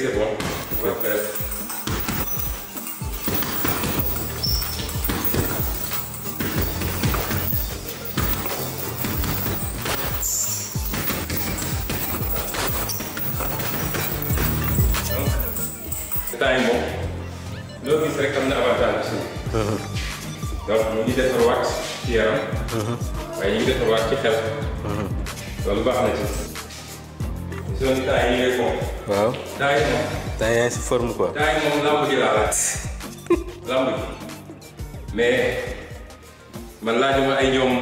deze é bom. Vou até. Time bom. Logo isso é que estamos avançando. Então, não diga para o Wax, que era. Vai ainda para o Wax que era. Então, não vai mais. zone temps yi ngay foofu. waaw temps yi moom. temps yaa si forme quoi. temps yi moom lamb ji laa laaj. lamb ji mais man laajuma ay ñoom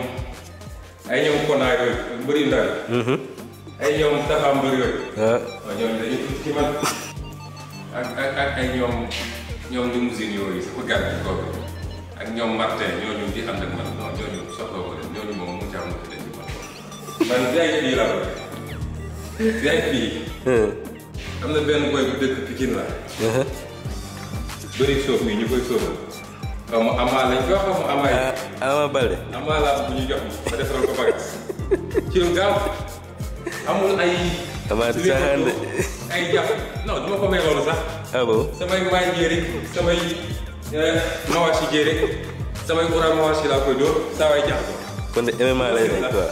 ay ñoom konaa yooyu mbëri ndaw yi. ñoom taxaw mbër yooyu. man ak ak ak ay ñoom ñoom limousine yooyu su ko gàllankoor kooku ak ñoom Martin ñooñu di ànd ak man non ñooñu soxla ko de ñooñu moom mu ca am lu man man jaay fii laa VIP hmm. am na benn boy bu dëkk Pikine la uh-huh. bëri soof yi ñu koy soofal xaw ma amaa lañ jox xaw ma amaa yi ah, amaa Balde ñu jox ma defaral ko bagage ci lu gaaw amul ay amaa du caaxaan ay jàpp non du ko may loolu sax ah bon samay maay jéeri samay eh, mawaasi jéeri samay ura mawaasi laa koy dóor saa waay jàpp kon de MMA lay rek quoi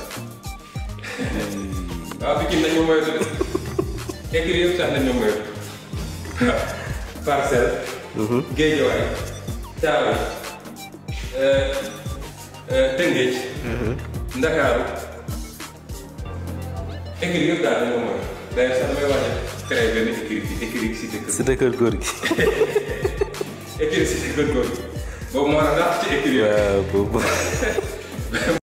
waaw ah, Pikine nañ ma moytu de écurie yëpp sax nañ ma moytu waaw Parcelles. Mhm. Guédiawaye Thiaroye eh, eh, Tëngéej. Mhm. Ndakaaru écurie yëpp daal nañ ma moytu d'ailleurs sax may wàññi créé benn écurie bi écurie si dëkk. si dëkk góor gi. écurie si dëkk góor gi boobu moo tax ci écurie. waaw boobu.